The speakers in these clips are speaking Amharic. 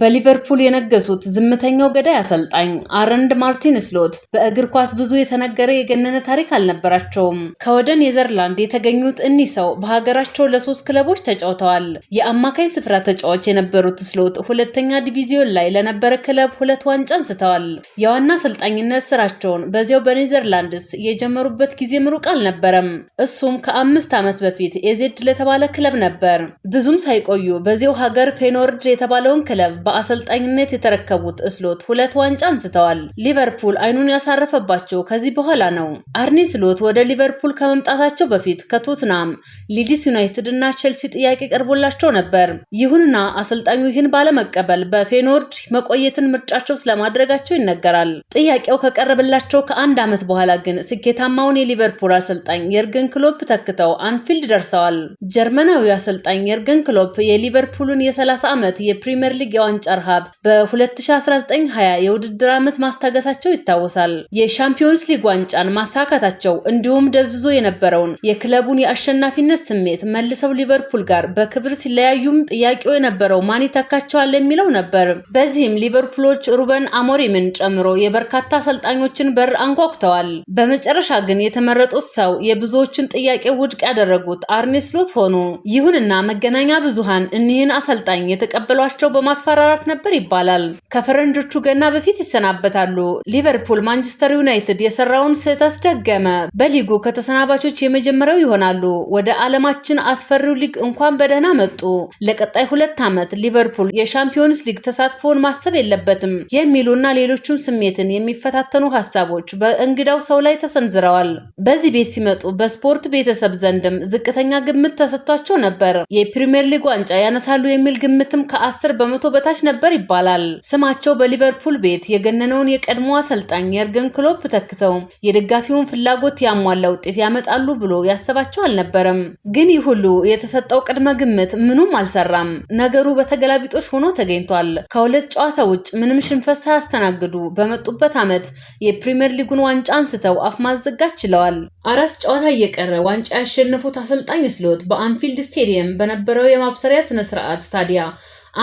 በሊቨርፑል የነገሱት ዝምተኛው ገዳይ አሰልጣኝ አረንድ ማርቲን ስሎት በእግር ኳስ ብዙ የተነገረ የገነነ ታሪክ አልነበራቸውም። ከወደ ኔዘርላንድ የተገኙት እኒህ ሰው በሀገራቸው ለሶስት ክለቦች ተጫውተዋል። የአማካኝ ስፍራ ተጫዋች የነበሩት ስሎት ሁለተኛ ዲቪዚዮን ላይ ለነበረ ክለብ ሁለት ዋንጫ አንስተዋል። የዋና አሰልጣኝነት ስራቸውን በዚያው በኔዘርላንድስ የጀመሩበት ጊዜ ምሩቅ አልነበረም። እሱም ከአምስት ዓመት በፊት ኤዜድ ለተባለ ክለብ ነበር። ብዙም ሳይቆዩ በዚያው ሀገር ፔኖርድ የተባለውን ክለብ በአሰልጣኝነት የተረከቡት ስሎት ሁለት ዋንጫ አንስተዋል። ሊቨርፑል አይኑን ያሳረፈባቸው ከዚህ በኋላ ነው። አርኒ ስሎት ወደ ሊቨርፑል ከመምጣታቸው በፊት ከቶትናም፣ ሊዲስ ዩናይትድ እና ቼልሲ ጥያቄ ቀርቦላቸው ነበር። ይሁንና አሰልጣኙ ይህን ባለመቀበል በፌኖርድ መቆየትን ምርጫቸው ስለማድረጋቸው ይነገራል። ጥያቄው ከቀረበላቸው ከአንድ ዓመት በኋላ ግን ስኬታማውን የሊቨርፑል አሰልጣኝ የርገን ክሎፕ ተክተው አንፊልድ ደርሰዋል። ጀርመናዊ አሰልጣኝ የርገን ክሎፕ የሊቨርፑልን የ30 ዓመት የፕሪምየር ሊግ የዋ ዋንጫ ረሃብ በ2019/20 የውድድር ዓመት ማስታገሳቸው ይታወሳል። የሻምፒዮንስ ሊግ ዋንጫን ማሳካታቸው እንዲሁም ደብዝዞ የነበረውን የክለቡን የአሸናፊነት ስሜት መልሰው ሊቨርፑል ጋር በክብር ሲለያዩም ጥያቄው የነበረው ማን ይተካቸዋል የሚለው ነበር። በዚህም ሊቨርፑሎች ሩበን አሞሪምን ጨምሮ የበርካታ አሰልጣኞችን በር አንኳኩተዋል። በመጨረሻ ግን የተመረጡት ሰው የብዙዎችን ጥያቄ ውድቅ ያደረጉት አርኔ ስሎት ሆኑ። ይሁንና መገናኛ ብዙሃን እኒህን አሰልጣኝ የተቀበሏቸው በማስፋ ማስፈራራት ነበር ይባላል። ከፈረንጆቹ ገና በፊት ይሰናበታሉ። ሊቨርፑል ማንቸስተር ዩናይትድ የሰራውን ስህተት ደገመ። በሊጉ ከተሰናባቾች የመጀመሪያው ይሆናሉ። ወደ ዓለማችን አስፈሪው ሊግ እንኳን በደህና መጡ። ለቀጣይ ሁለት ዓመት ሊቨርፑል የሻምፒዮንስ ሊግ ተሳትፎውን ማሰብ የለበትም የሚሉና ሌሎችም ስሜትን የሚፈታተኑ ሀሳቦች በእንግዳው ሰው ላይ ተሰንዝረዋል። በዚህ ቤት ሲመጡ በስፖርት ቤተሰብ ዘንድም ዝቅተኛ ግምት ተሰጥቷቸው ነበር። የፕሪምየር ሊግ ዋንጫ ያነሳሉ የሚል ግምትም ከአስር በመቶ በ በታች ነበር ይባላል። ስማቸው በሊቨርፑል ቤት የገነነውን የቀድሞ አሰልጣኝ የርገን ክሎፕ ተክተው የደጋፊውን ፍላጎት ያሟላ ውጤት ያመጣሉ ብሎ ያሰባቸው አልነበረም። ግን ይህ ሁሉ የተሰጠው ቅድመ ግምት ምኑም አልሰራም። ነገሩ በተገላቢጦች ሆኖ ተገኝቷል። ከሁለት ጨዋታ ውጭ ምንም ሽንፈት ሳያስተናግዱ በመጡበት ዓመት የፕሪምየር ሊጉን ዋንጫ አንስተው አፍ ማዘጋት ችለዋል። አራት ጨዋታ እየቀረ ዋንጫ ያሸነፉት አሰልጣኝ ስሎት በአንፊልድ ስቴዲየም በነበረው የማብሰሪያ ስነ ስርዓት ታዲያ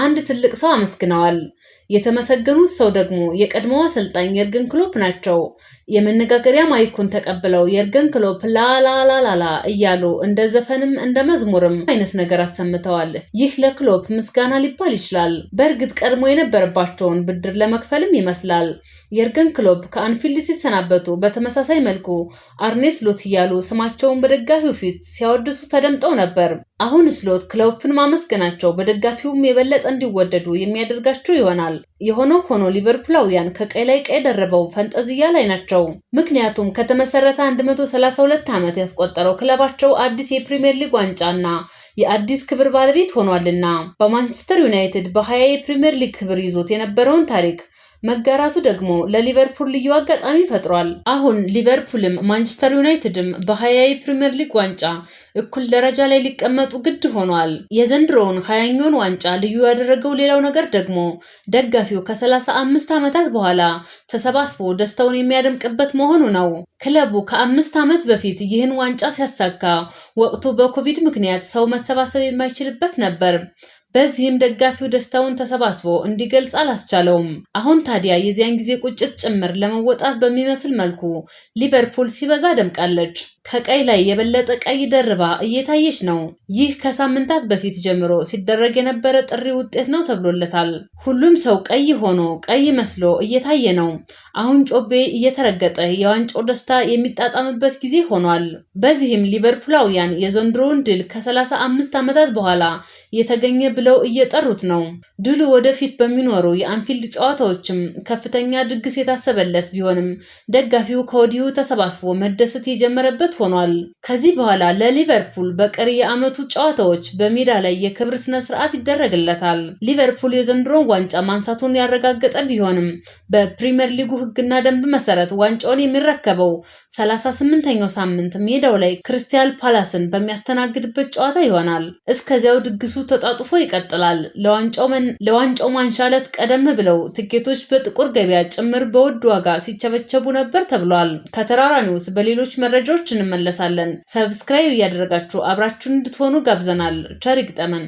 አንድ ትልቅ ሰው አመስግነዋል። የተመሰገኑት ሰው ደግሞ የቀድሞው አሰልጣኝ የርገን ክሎፕ ናቸው። የመነጋገሪያ ማይኩን ተቀብለው የርገን ክሎፕ ላላላላላ እያሉ እንደ ዘፈንም እንደ መዝሙርም አይነት ነገር አሰምተዋል። ይህ ለክሎፕ ምስጋና ሊባል ይችላል። በእርግጥ ቀድሞ የነበረባቸውን ብድር ለመክፈልም ይመስላል። የርገን ክሎፕ ከአንፊልድ ሲሰናበቱ በተመሳሳይ መልኩ አርኔ ስሎት እያሉ ስማቸውን በደጋፊው ፊት ሲያወድሱ ተደምጠው ነበር። አሁን ስሎት ክሎፕን ማመስገናቸው በደጋፊውም የበለጠ እንዲወደዱ የሚያደርጋቸው ይሆናል። የሆነው ሆኖ ሊቨርፑላውያን ከቀይ ላይ ቀይ ደረበው ፈንጠዝያ ላይ ናቸው። ምክንያቱም ከተመሰረተ 132 ዓመት ያስቆጠረው ክለባቸው አዲስ የፕሪምየር ሊግ ዋንጫና የአዲስ ክብር ባለቤት ሆኗልና በማንቸስተር ዩናይትድ በሀያ የፕሪምየር ሊግ ክብር ይዞት የነበረውን ታሪክ መጋራቱ ደግሞ ለሊቨርፑል ልዩ አጋጣሚ ፈጥሯል። አሁን ሊቨርፑልም ማንቸስተር ዩናይትድም በሀያ የፕሪምየር ሊግ ዋንጫ እኩል ደረጃ ላይ ሊቀመጡ ግድ ሆኗል። የዘንድሮውን ሀያኛውን ዋንጫ ልዩ ያደረገው ሌላው ነገር ደግሞ ደጋፊው ከሰላሳ አምስት ዓመታት በኋላ ተሰባስቦ ደስታውን የሚያደምቅበት መሆኑ ነው። ክለቡ ከአምስት ዓመት በፊት ይህን ዋንጫ ሲያሳካ ወቅቱ በኮቪድ ምክንያት ሰው መሰባሰብ የማይችልበት ነበር። በዚህም ደጋፊው ደስታውን ተሰባስቦ እንዲገልጽ አላስቻለውም። አሁን ታዲያ የዚያን ጊዜ ቁጭት ጭምር ለመወጣት በሚመስል መልኩ ሊቨርፑል ሲበዛ ደምቃለች። ከቀይ ላይ የበለጠ ቀይ ደርባ እየታየች ነው። ይህ ከሳምንታት በፊት ጀምሮ ሲደረግ የነበረ ጥሪ ውጤት ነው ተብሎለታል። ሁሉም ሰው ቀይ ሆኖ ቀይ መስሎ እየታየ ነው። አሁን ጮቤ እየተረገጠ የዋንጫው ደስታ የሚጣጣምበት ጊዜ ሆኗል። በዚህም ሊቨርፑላውያን የዘንድሮውን ድል ከ35 ዓመታት በኋላ የተገኘ ብለው እየጠሩት ነው። ድሉ ወደፊት በሚኖሩ የአንፊልድ ጨዋታዎችም ከፍተኛ ድግስ የታሰበለት ቢሆንም ደጋፊው ከወዲሁ ተሰባስቦ መደሰት የጀመረበት ሆኗል። ከዚህ በኋላ ለሊቨርፑል በቀሪ የዓመቱ ጨዋታዎች በሜዳ ላይ የክብር ስነ ስርዓት ይደረግለታል። ሊቨርፑል የዘንድሮን ዋንጫ ማንሳቱን ያረጋገጠ ቢሆንም በፕሪምየር ሊጉ ሕግና ደንብ መሰረት ዋንጫውን የሚረከበው 38ኛው ሳምንት ሜዳው ላይ ክሪስታል ፓላስን በሚያስተናግድበት ጨዋታ ይሆናል። እስከዚያው ድግሱ ተጣጥፎ ይቀጥላል። ለዋንጫው ማንሻለት ቀደም ብለው ትኬቶች በጥቁር ገበያ ጭምር በውድ ዋጋ ሲቸበቸቡ ነበር ተብሏል። ከተራራ ኒውስ በሌሎች መረጃዎች እንመለሳለን። ሰብስክራይብ እያደረጋችሁ አብራችሁን እንድትሆኑ ጋብዘናል። ቸር ይግጠመን።